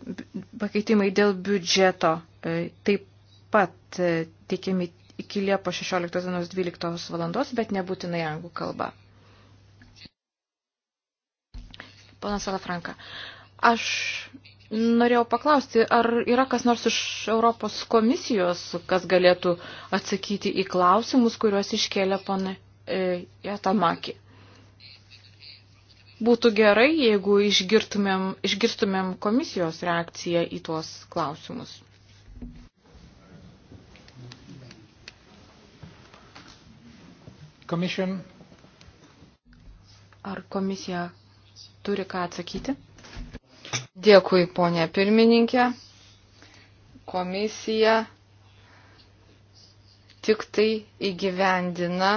pakeitimai dėl biudžeto e, taip pat e, teikiami iki Liepo 16 dienos 12 valandos, bet nebūtinai anglų kalba. Pana Salafranka, aš Norėjau paklausti, ar yra kas nors iš Europos komisijos, kas galėtų atsakyti į klausimus, kuriuos iškėlė pana e, Jatamaki. Būtų gerai, jeigu išgirtumėm, išgirstumėm komisijos reakciją į tuos klausimus. Commission. Ar komisija turi ką atsakyti? Dėkui, ponė pirmininkė. Komisija tik tai įgyvendina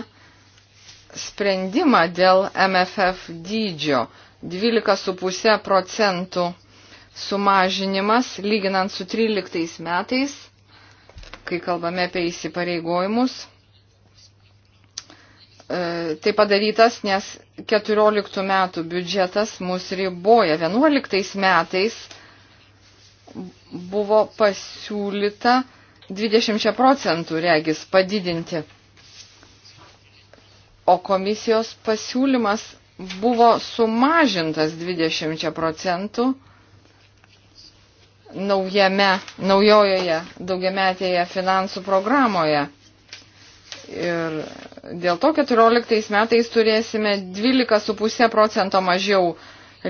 sprendimą dėl MFF dydžio 12,5 procentų sumažinimas lyginant su 13 metais, kai kalbame apie įsipareigojimus. E, tai padarytas, nes 14 metų biudžetas mus riboja. 11 metais buvo pasiūlyta 20 procentų regis padidinti. O komisijos pasiūlymas buvo sumažintas 20 procentų naujame, naujojoje daugiametėje finansų programoje. Ir dėl to 14 metais turėsime 12,5 procento mažiau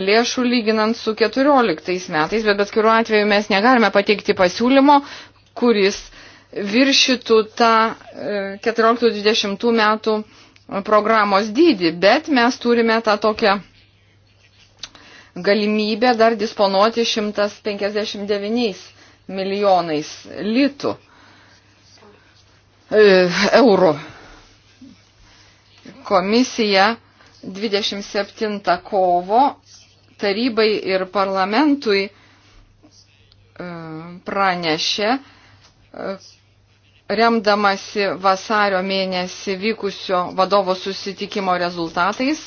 lėšų lyginant su 14 metais, bet bet kuriuo atveju mes negalime pateikti pasiūlymo, kuris viršytų tą 14-20 e, metų programos dydį, bet mes turime tą tokią galimybę dar disponuoti 159 milijonais litų. E, eurų. Komisija 27 kovo tarybai ir parlamentui e, pranešė, e, remdamasi vasario mėnesį vykusio vadovo susitikimo rezultatais,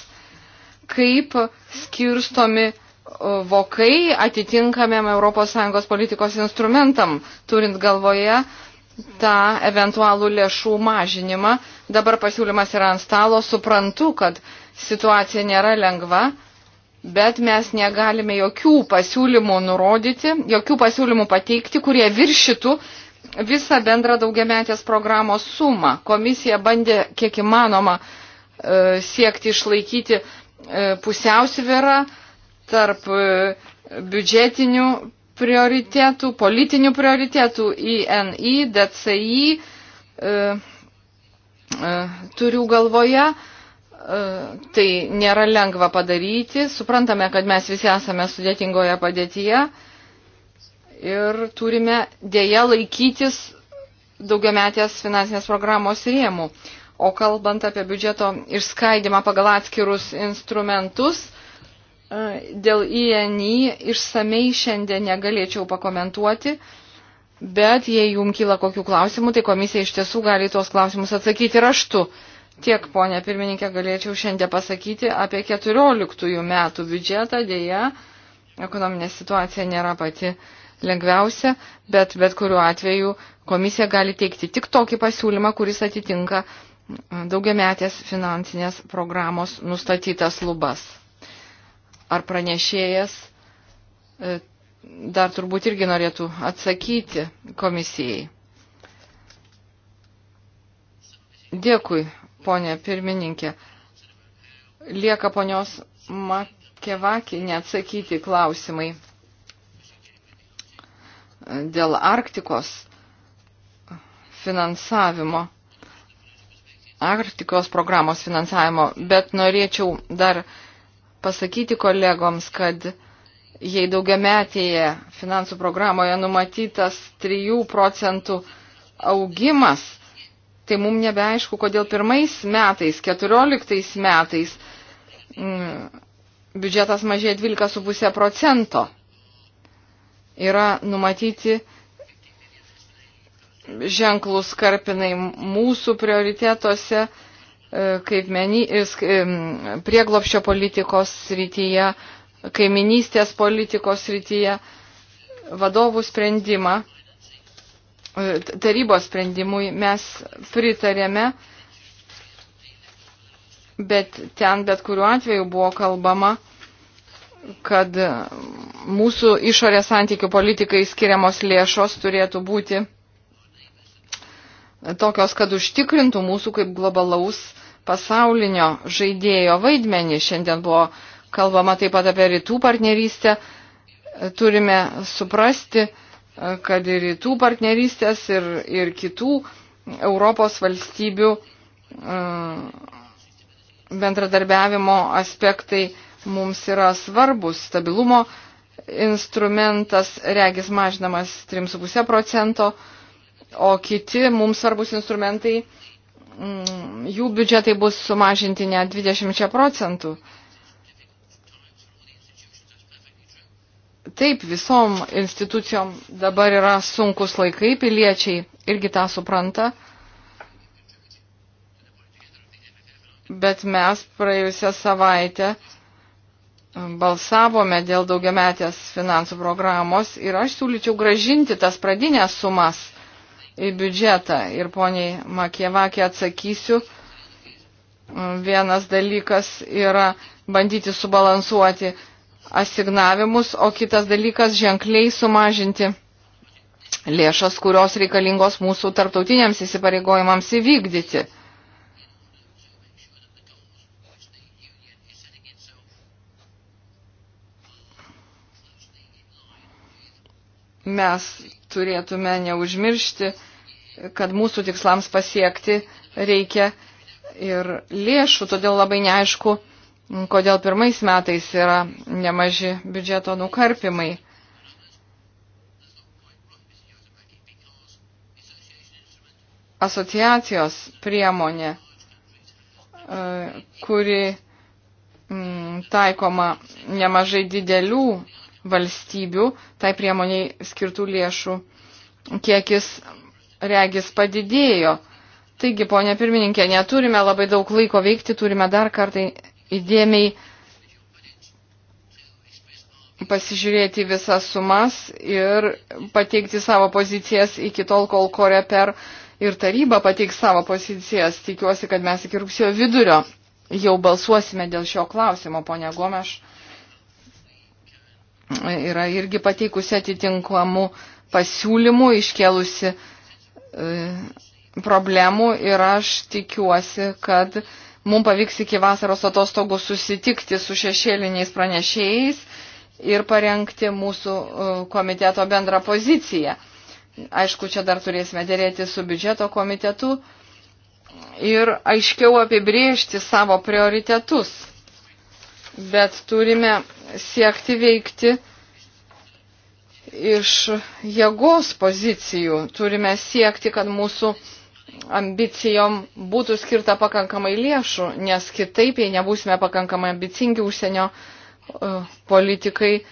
kaip skirstomi vokai atitinkamiem ES politikos instrumentam, turint galvoje tą eventualų lėšų mažinimą. Dabar pasiūlymas yra ant stalo. Suprantu, kad situacija nėra lengva, bet mes negalime jokių pasiūlymų nurodyti, jokių pasiūlymų pateikti, kurie viršytų visą bendrą daugiametės programos sumą. Komisija bandė kiek įmanoma e, siekti išlaikyti e, pusiausvyrą tarp e, biudžetinių prioritėtų, politinių prioritėtų INI, DCI, e, e, turiu galvoje. E, tai nėra lengva padaryti. Suprantame, kad mes visi esame sudėtingoje padėtyje ir turime dėja laikytis daugiametės finansinės programos rėmų. O kalbant apie biudžeto išskaidimą pagal atskirus instrumentus, dėl INI išsamei šiandien negalėčiau pakomentuoti, bet jei jum kyla kokių klausimų, tai komisija iš tiesų gali tuos klausimus atsakyti raštu. Tiek, ponė pirmininkė, galėčiau šiandien pasakyti apie 14 metų biudžetą, dėja, ekonominė situacija nėra pati lengviausia, bet bet kuriuo atveju komisija gali teikti tik tokį pasiūlymą, kuris atitinka daugiametės finansinės programos nustatytas lubas. Ar pranešėjas e, dar turbūt irgi norėtų atsakyti komisijai. Dėkui, ponė pirmininkė. Lieka ponios Makevaki neatsakyti klausimai dėl Arktikos finansavimo, Arktikos programos finansavimo, bet norėčiau dar pasakyti kolegoms, kad jei daugiametėje finansų programoje numatytas 3 procentų augimas, tai mums nebeaišku, kodėl pirmais metais, 14 metais m, mm, biudžetas mažėja 12,5 procento. Yra numatyti ženklus karpinai mūsų prioritetuose E, kaip meni, e, e, prieglopščio politikos srityje, kaiminystės politikos srityje, vadovų sprendimą, tarybos sprendimui mes pritarėme, bet ten bet kuriuo atveju buvo kalbama, kad mūsų išorės santykių politikai skiriamos lėšos turėtų būti tokios, kad užtikrintų mūsų kaip globalaus pasaulinio žaidėjo vaidmenį. Šiandien buvo kalbama taip pat apie rytų partnerystę. Turime suprasti, kad ir rytų partnerystės, ir, ir kitų Europos valstybių mm, bendradarbiavimo aspektai mums yra svarbus. Stabilumo instrumentas regis mažinamas 3,5 procento, o kiti mums svarbus instrumentai Mm, jų biudžetai bus sumažinti net 20 procentų. Taip, visom institucijom dabar yra sunkus laikai, piliečiai irgi tą supranta. Bet mes praėjusią savaitę balsavome dėl daugiametės finansų programos ir aš siūlyčiau gražinti tas pradinės sumas į biudžetą. Ir poniai Makievakė atsakysiu. Vienas dalykas yra bandyti subalansuoti asignavimus, o kitas dalykas ženkliai sumažinti lėšas, kurios reikalingos mūsų tarptautiniams įsipareigojimams įvykdyti. Mes turėtume neužmiršti, kad mūsų tikslams pasiekti reikia ir lėšų, todėl labai neaišku, kodėl pirmais metais yra nemaži biudžeto nukarpimai. Asociacijos priemonė, e, kuri mm, taikoma nemažai didelių valstybių, tai priemoniai skirtų lėšų kiekis regis padidėjo. Taigi, ponė pirmininkė, neturime labai daug laiko veikti, turime dar kartą įdėmiai pasižiūrėti visas sumas ir pateikti savo pozicijas iki tol, kol kore per ir taryba pateiks savo pozicijas. Tikiuosi, kad mes iki rugsėjo vidurio jau balsuosime dėl šio klausimo, ponė Gomeš yra irgi pateikusi atitinkamų pasiūlymų, iškėlusi e, problemų ir aš tikiuosi, kad mums pavyks iki vasaros atostogų susitikti su šešėliniais pranešėjais ir parengti mūsų e, komiteto bendrą poziciją. Aišku, čia dar turėsime dėrėti su biudžeto komitetu ir aiškiau apibriežti savo prioritetus bet turime siekti veikti iš jėgos pozicijų, turime siekti, kad mūsų ambicijom būtų skirta pakankamai lėšų, nes kitaip, jei nebūsime pakankamai ambicingi užsienio e, politikai, e,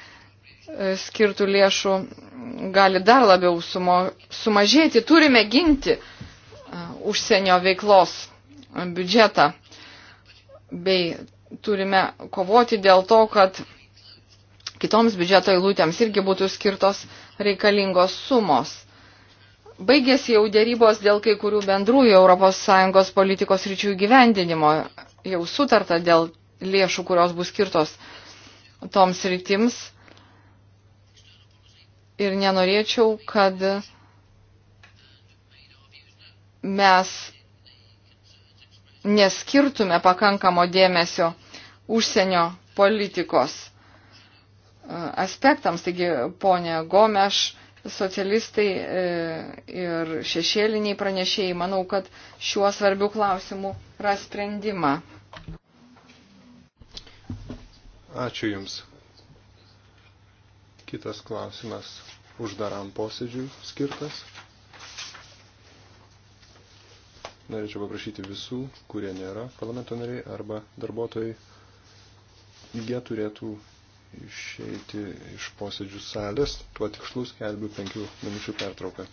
skirtų lėšų gali dar labiau sumo, sumažėti. Turime ginti e, užsienio veiklos biudžetą bei turime kovoti dėl to, kad kitoms biudžeto eilutėms irgi būtų skirtos reikalingos sumos. Baigėsi jau dėrybos dėl kai kurių bendrųjų ES politikos ryčių gyvendinimo. Jau sutarta dėl lėšų, kurios bus skirtos toms rytims. Ir nenorėčiau, kad mes neskirtume pakankamo dėmesio užsienio politikos e, aspektams. Taigi, ponė Gomeš, socialistai e, ir šešėliniai pranešėjai, manau, kad šiuo svarbių klausimų ras sprendimą. Ačiū Jums. Kitas klausimas uždaram posėdžiui skirtas. Norėčiau paprašyti visų, kurie nėra parlamento nariai arba darbuotojai, jie turėtų išeiti iš posėdžių salės, tuo tikslus kelbiu penkių minučių pertrauką.